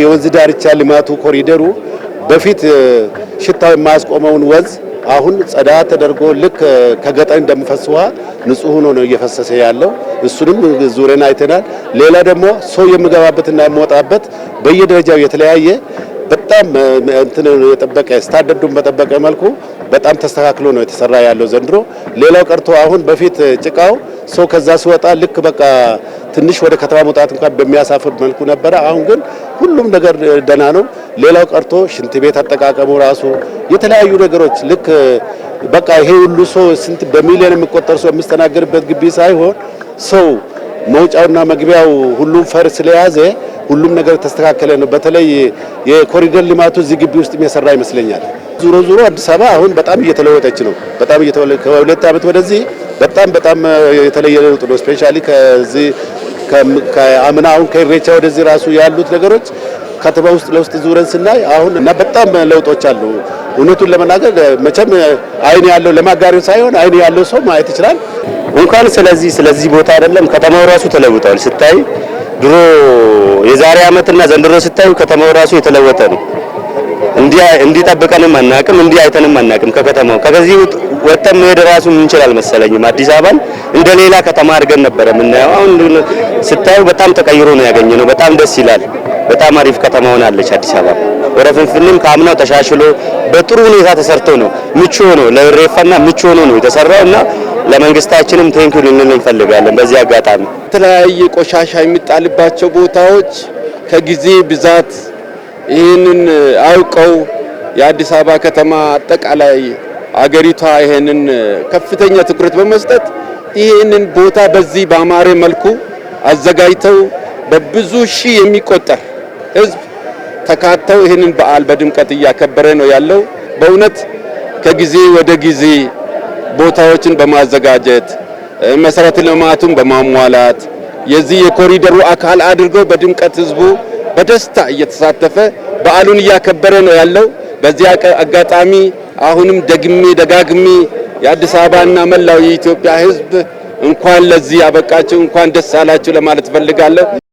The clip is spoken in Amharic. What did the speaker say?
የወንዝ ዳርቻ ልማቱ ኮሪደሩ በፊት ሽታ የማያስቆመውን ወንዝ አሁን ጸዳ ተደርጎ ልክ ከገጠር እንደሚፈስ ውሃ ንጹህ ሆኖ ነው እየፈሰሰ ያለው። እሱንም ዙሬን አይተናል። ሌላ ደግሞ ሰው የምገባበትና የምወጣበት በየደረጃው የተለያየ በጣም እንትን የጠበቀ ስታንዳርዱን በጠበቀ መልኩ በጣም ተስተካክሎ ነው የተሰራ ያለው ዘንድሮ። ሌላው ቀርቶ አሁን በፊት ጭቃው ሰው ከዛ ሲወጣ ልክ በቃ ትንሽ ወደ ከተማ መውጣት እንኳን በሚያሳፍር መልኩ ነበረ። አሁን ግን ሁሉም ነገር ደህና ነው። ሌላው ቀርቶ ሽንት ቤት አጠቃቀሙ ራሱ የተለያዩ ነገሮች ልክ በቃ ይሄ ሁሉ ሰው ስንት በሚሊዮን የሚቆጠር ሰው የምስተናገድበት ግቢ ሳይሆን ሰው መውጫውና መግቢያው ሁሉም ፈር ስለያዘ ሁሉም ነገር ተስተካከለ ነው። በተለይ የኮሪደር ልማቱ እዚህ ግቢ ውስጥ የሚሰራ ይመስለኛል። ዙሮ ዙሮ አዲስ አበባ አሁን በጣም እየተለወጠች ነው። በጣም እየተለወጠ ከሁለት ዓመት ወደዚህ በጣም በጣም የተለየ ለውጥ ነው። ስፔሻሊ ከዚህ ከአምና አሁን ከኢሬቻ ወደዚህ ራሱ ያሉት ነገሮች ከተማ ውስጥ ለውስጥ ዙረን ስናይ አሁን እና በጣም ለውጦች አሉ። እውነቱን ለመናገር መቼም አይን ያለው ለማጋሪው ሳይሆን አይን ያለው ሰው ማየት ይችላል። እንኳን ስለዚህ ስለዚህ ቦታ አይደለም ከተማው ራሱ ተለውጧል። ስታይ ድሮ የዛሬ ዓመትና ዘንድሮ ስታዩ ከተማው ራሱ የተለወጠ ነው። እንዲህ እንዲህ አናቅም፣ እንዲህ አይተንም አናቅም። ከከተማው ከዚህ ወጥተን መሄድ ራሱ እንችላል አልመሰለኝም አዲስ አበባን እንደ ሌላ ከተማ አድርገን ነበረ የምናየው። አሁን ስታዩ በጣም ተቀይሮ ነው ነው። በጣም ደስ ይላል። በጣም አሪፍ ከተማ ሆናለች አዲስ አበባ። ወደ ፍንፍኔም ከአምናው ተሻሽሎ በጥሩ ሁኔታ ተሰርቶ ነው ምቹ ሆኖ ለሬፋና ምቹ ሆኖ ነው የተሰራው እና ለመንግስታችንም ቴንኪው ልንል እንፈልጋለን። በዚህ አጋጣሚ የተለያየ ቆሻሻ የሚጣልባቸው ቦታዎች ከጊዜ ብዛት ይህንን አውቀው የአዲስ አበባ ከተማ አጠቃላይ አገሪቷ ይሄንን ከፍተኛ ትኩረት በመስጠት ይሄንን ቦታ በዚህ በአማረ መልኩ አዘጋጅተው በብዙ ሺህ የሚቆጠር ህዝብ ተካተው ይህንን በዓል በድምቀት እያከበረ ነው ያለው። በእውነት ከጊዜ ወደ ጊዜ ቦታዎችን በማዘጋጀት መሰረተ ልማቱን በማሟላት የዚህ የኮሪደሩ አካል አድርገው በድምቀት ህዝቡ በደስታ እየተሳተፈ በዓሉን እያከበረ ነው ያለው። በዚህ አጋጣሚ አሁንም ደግሜ ደጋግሜ የአዲስ አበባና መላው የኢትዮጵያ ሕዝብ እንኳን ለዚህ ያበቃችሁ እንኳን ደስ አላችሁ ለማለት ፈልጋለሁ።